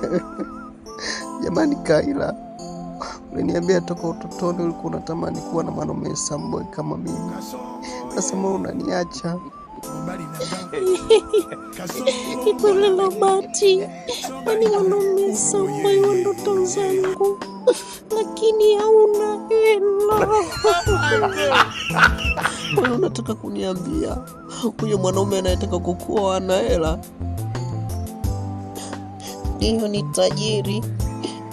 Jamani Kaila, uliniambia toka utotoni ulikuwa unatamani kuwa na mwanaume samboy kama mimi, nasema unaniacha ikolelabati ani mwanaume samboy wa ndoto zangu, lakini hauna hela. Unataka kuniambia huyo mwanaume anayetaka kukua ana hela? hiyo ni tajiri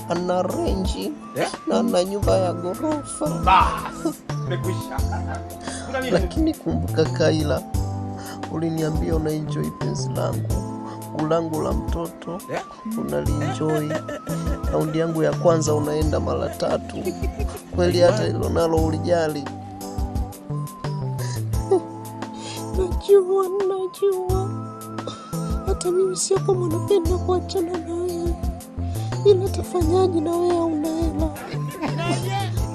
ana renji yeah. na ana nyumba ya ghorofa lakini kumbuka Kaila, uliniambia unaenjoi penzi langu ulangu la mtoto yeah. unalienjoi raundi yangu ya kwanza unaenda mara tatu kweli, hata ilo nalo ulijali. najua, najua hata mimi sio kama unapenda kuachana na ila tafanyaji na wewe unaela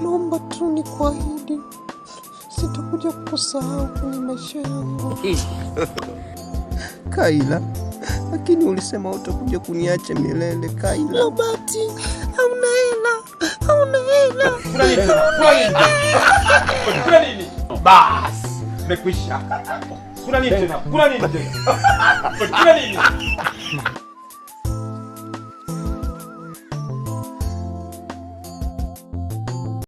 nomba tu ni kuahidi sitakuja kukusahau kwenye maisha yangu. Kaila, lakini ulisema utakuja kuniacha milele Kaila. Robati, hauna hela, hauna hela. Kuna nini? Bas, nimekwisha. Kuna nini tena? Kuna nini tena? Kuna nini?